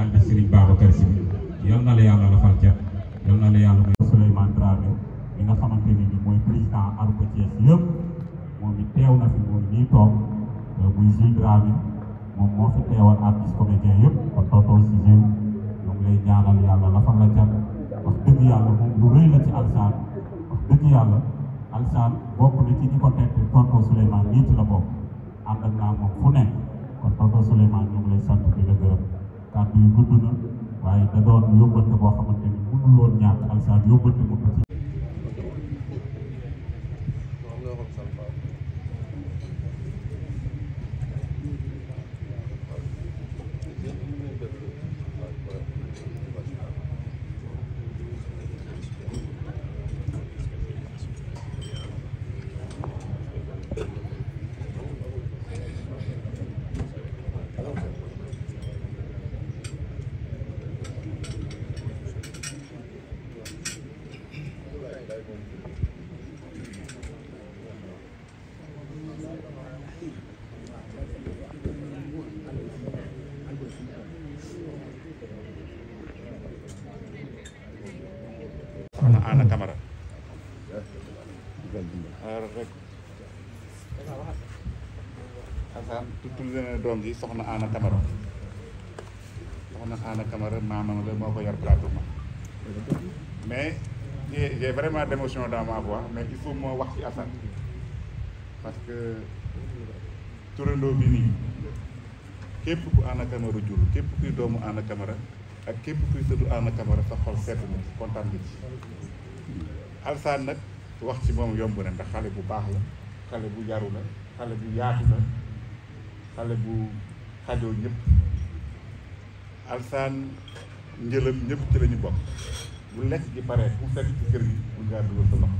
ànd ak Serigne Babacar Sy yal na la yàlla lafal cat yal na la yàlla may Souleymane Dramé mi nga xamante ni bi mooy président Alco Thiès yëpp moom it teew na fi moom ñuy toog euh, muy Jules Dramé moom moo fi teewal artiste comédien yëpp kon tootoo si Jules ñoom lay ñaanal yàlla lafal la cat wax dëgg yàlla moom lu rëy la ci alsaan wax dëgg yàlla alsaan bokk na ci ñi ko teg tontoo Souleymane nii ci la bokk ànd ak moom fu nekk kon tontoo Souleymane ñu ngi lay sant di la kàddu yu gudd na waaye da doon yóbbante boo xamante ni mënul woon ñàkk alsaan yóbbante ko ci Assane tudd na ne doom ji soxna Anna Camara soxna Anna Camara maamam la moo ko yar pratiquement mais j'ai j'ai vraiment d'émotion dans ma voix mais il faut moo wax ci Assane parce que turandoo bi nii képp ku Anna Camara jur képp kuy doomu Anna Camara ak képp kuy sëtu Anna Camara sa xol sedd na kontaan na ci Assane nag wax ci moom yomb na ndax xale bu baax la xale bu yaru la xale bu yaatu la xale bu xajoo ñëpp alsaan njëlam ñëpp ci lañu bokk bu lekk gi pare bu fekk ci kër gi bu ngaa dugal sa loxo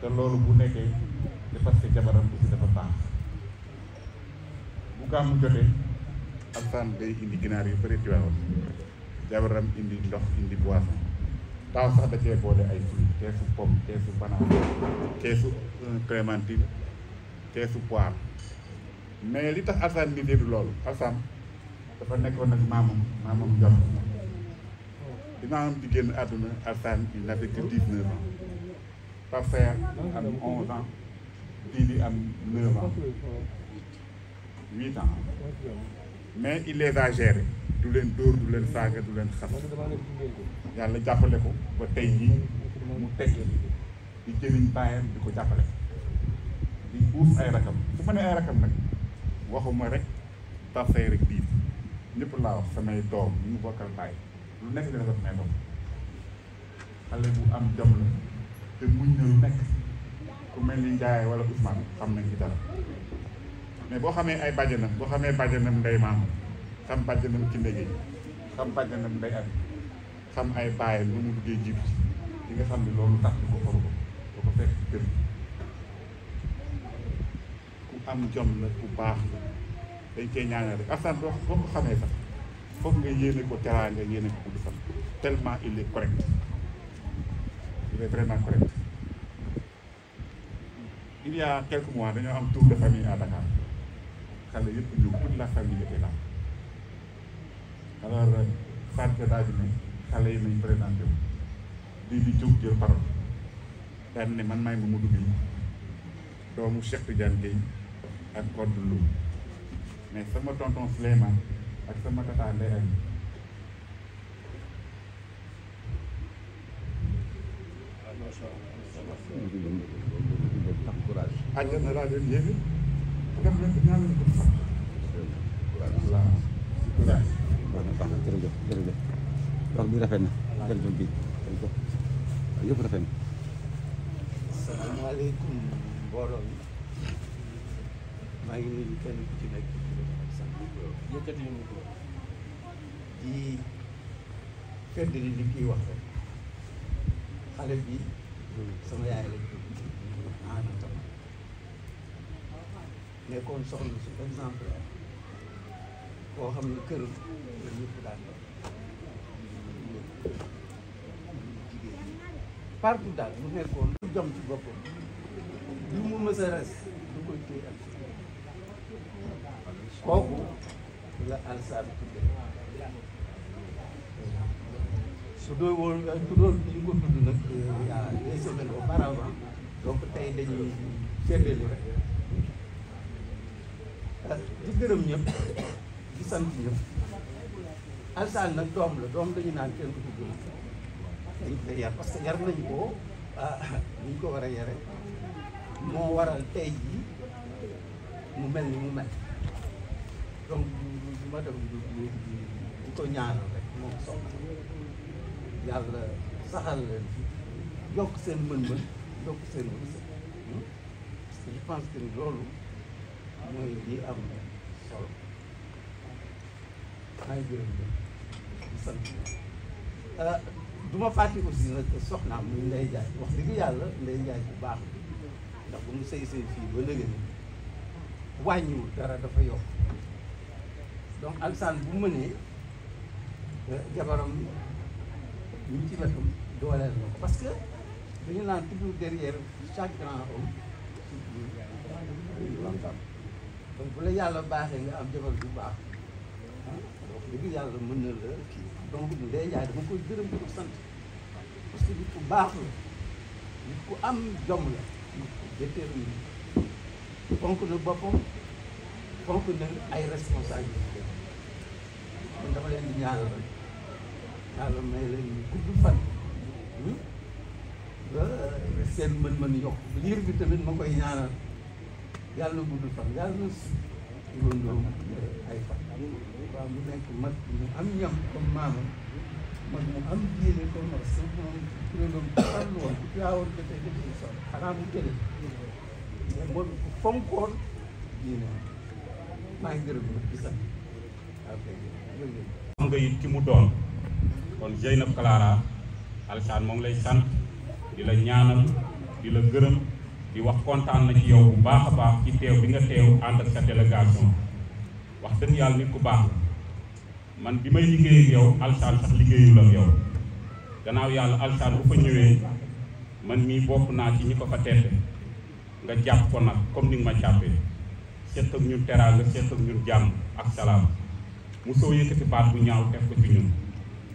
te loolu bu nekkee c'est parce que jabaram aussi dafa baax bu gàmmu jotee alsaan ginaar yu bëri tiwaawoon jabaram indi ndox sax da boole ay fruits keesu pomme keesu banaan keesu euh, clémentine keesu poire mais li tax Alsaan bi dégg loolu Alsaan dafa nekkoon nag maamam maamam jox bi maamam di génn àdduna Alsaan il n'avait que dix-neuf ans Pape am onze ans Didi am neuf ans huit ans mais il les a gérés du leen dóor du leen saaga du leen xas yàlla jàppale ko ba tey jii mu teg di jëriñ bàyyam di ko jàppale di uuf ay rakam su ma nee ay rakam nag waxuma rek taf rek diit ñépp laa wax samay doom ñu mu bokkal baay lu nekk dina def may doom xale bu am jom la te muñ na lu nekk ku mel ni Ndiaye wala Ousmane xam na ci dara mais boo xamee ay bàjjanam boo xamee bàjjanam ndey maam xam bàjjanam ci ndege xam bàjjanam ndey at xam ay baayam lu mu duggee jiitu ci nga xam ni loolu tax ko xool ko ko fekk kër am jom la bu baax la dañ cee ñaanal rek Assane boo boo ko xamee sax foog nga yéene ko teraanga yéene ko gudd fan tellement il est correct il est vraiment correct il y dañoo am tour de yëpp ñëw la famille était là alors euh, Fatou daal di ne xale yi nañ présenté wu lii di jóg jël parole daal ne man maay Mamadou Gueye doomu Cheikh Tidiane Gueye ak code lu mais sama tonton Souleymane ak sama tata Ndeye Ami àjjana laa leen yéene dem leen ko ñaan ko sax waaw courage baax na jërëjëf jërëjëf wax bi rafet na jërëjëf bi jërëjëf yëpp rafet na salaamaaleykum mbooloo maa ngi nuyu kenn ci nekk sant yëkkati ñu ko di fedd li li kii wax rek xale bi sama yaay lañ ko ana tam nekkoon soxna su koo xam ne këram la ñëpp daan def partout daal mu nekkoon lu jom ci boppam lu mu mës res du koy téye ak kooku la alsaan tudde su doo woon su doon ñu ko tudd nag yaa des semaines auparavant donc tey dañuy feddali rek di gërëm ñëpp di sant ñëpp alsaan nag doom la doom dañu naan kenn ku tudd dañ koy yar parce que yar nañ ko ni ñu ko war a yare moo waral tey jii mu mel ni mu mel donc madame bi ñu ko ñaanal rek moom soxna yàlla saxal leen fi yokk seen mën-mën yokk seen wërsëg parce que je pense loolu mooy li am solo maa ngi gërëm di sant du ma fàtte aussi nag soxnaam muy Ndeye Ndiaye wax dëgg yàlla nday Ndiaye bu baax ndax bu mu sëy sëy fii ba léegi wàññiwul dara dafa yokk donc alsaan bu mënee euh, jabaram ñu ci wetam dooleel na ko parce que dañu naan toujours derrière chaque grand homme bu la yàlla baaxee nga am jabar bu baax ah, donc dëgg yàlla mën na la kii donc Ndeye Ndiaye dama koy gërëm di sant parce que nit ku baax la nit ku am jom la nit ku déterminé fonk na boppam fonk nañ ay responsabilité kon dama leen di ñaanal rek yàlla may leen ñu gudd fan hmm? ba seen mën-mën yokk liir bi tamit ma koy ñaanal yàlla gudd fan yàlla loolu ay fan waaw mu nekk mag mu am ñam woon bu jaawoon jotee def ci sol xanaa mu jëlee moom fonkoon diine xam nga it ki mu doon kon Jeynab Clara Alsaan moom lay sant di la ñaanal di la gërëm di wax kontaan ci yow bu baax a baax ci teew bi nga teew ànd ak sa délégation wax dëgg yàlla nit ku baax man bi may liggéey yow Alsaan sax liggéeyul ak gannaaw yàlla Alsaan bu fa ñëwee man mii bokk naa ci ñu ko fa tette nga jàpp ko nag comme ni ma jàppee. seq ak ñun teraanga seq ak ñun jàmm ak salaam mu soo yëkkati baat bu ñaaw def ko ci ñun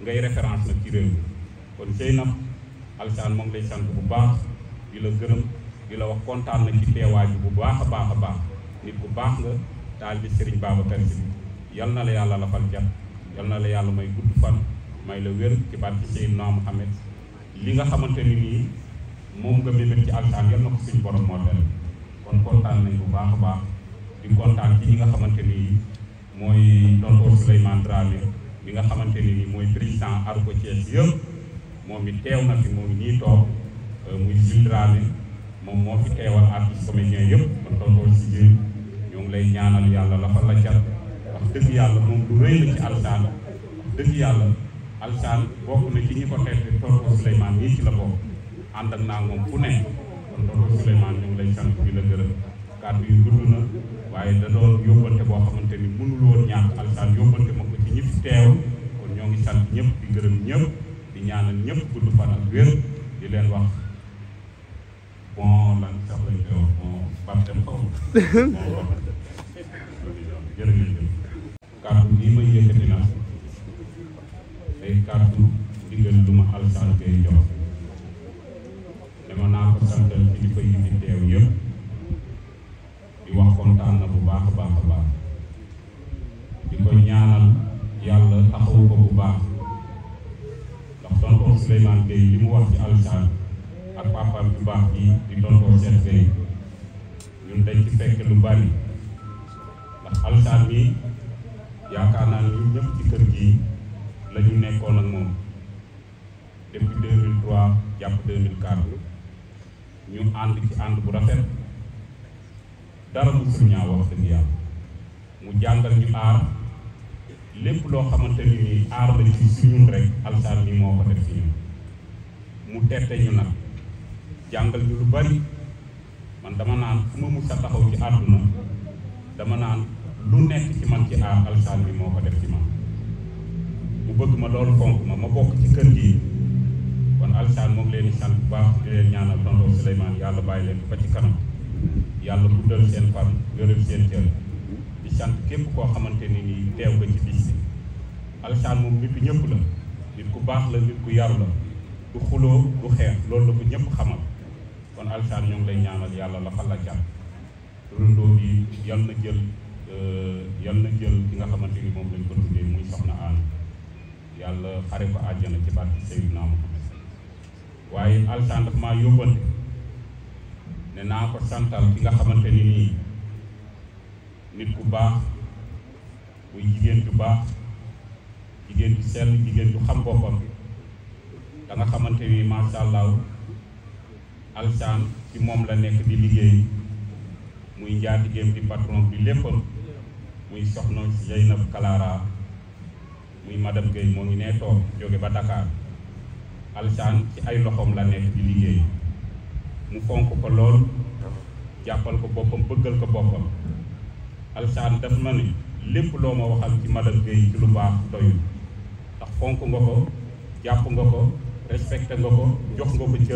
ngay référence nag ci réew mi kon Seynab Alassane moom lay sant bu baax di la gërëm di la wax kontaan na ci teewaay bu baax a baax a baax nit ku baax nga taal bi Serigne Babacar Sy yal na la yàlla lafal jat yal na la yàlla may gudd fan may la wér ci barke mu Muhammad li nga xamante ni nii moom nga mébét ci Alassane yal na ko suñu borom moo del kon kontaan kontaan ci ñi nga xamante ni mooy tonton Souleymane Dramé mi nga xamante ni mooy président Arco Thiès yëpp moom it teew na fi moom ñii toog euh, muy Jules moom moo fi teewal artiste comédien yëpp ñoo ngi lay ñaanal yàlla la la cat dëgg yàlla moom lu rëy la ci alsaan wax dëgg yàlla alsaan bokk na ci ñi ko te tonton Souleymane nii ci la bokk ànd ak naa moom fu ne kon tonton Souleymane ñoo lay sant di la gërëm kàddu yu gudd na waaye da yóbbante boo xamante ni mënul woon ñàkk alsaan yóbbante ma ko ci ñi fi kon ñoo ngi sant ñëpp di gërëm ñëpp di ñaanal ñëpp gudd fan wér di leen wax bon lan sax lañ koy wax bon baptême xaw ma jërëjëf kàddu lii may yëkkati nag day kàddu lu ma alsaan koy jox moom Souleymane li mu wax ci alxaan ak papaam bu baax bi di tonton Cheikh Gueye ñun dañ ci fekk lu bari ndax alxaan mi yaakaar naa ñu ñëpp ci kër gi la ñu nekkoon ak moom depuis 2003 jàpp 2004 ñu ànd ci ànd bu rafet dara mu suñaa wax dëgg yàlla mu jàngal ñu aar lépp loo xamante ni nii aar la ci si ñun rek alsaan bi moo ko def ci ñun mu tette ñu nag jàngal ñu lu bari man dama naan fu ma mus taxaw ci àdduna dama naan lu nekk ci man ci aar alsaan bi moo ko def ci man mu bëgg ma loolu fonk ma ma bokk ci kër gi kon alsaan moom leen di sant bu baax di leen ñaanal tonton Souleymane yàlla bàyyi leen ba ci kanam yàlla guddal seen fan yoreel seen cër di sant képp koo xamante ni nii teew ko ci bis alsaan moom nit ku ñëpp la nit ku baax la nit ku yaru la du xuloo du xeex loolu la ko ñëpp xamal kon alsaan ñoo lay ñaanal yàlla la xal la cat loolu yi na jël euh, yal na jël ki nga xamante ni moom lañ ko tuddee muy soxna aan yàlla xare ko àjjana ci barke Seydina Muhammad waaye alsaan daf maa yóbbante ne naa ko santal ki nga xamante ni nii nit ku baax muy jigéen bu baax jigéen ju sell jigéen ju xam boppam bi da xamante ni macha allah alsaan ci moom la nekk di liggéey muy njaatigéem di patron bi léppam muy soxna Zeynab Kalaara muy madame Guèye moo ngi nee toog jóge ba Dakar alsaan ci ay loxoom la nekk di liggéey mu fonk ko lool jàppal ko boppam bëggal ko boppam alsaan daf ma ne lépp loo ma waxal ci madame Guèye ci lu baax doyul fonk nga ko jàpp nga ko respecté nga ko jox nga ko cër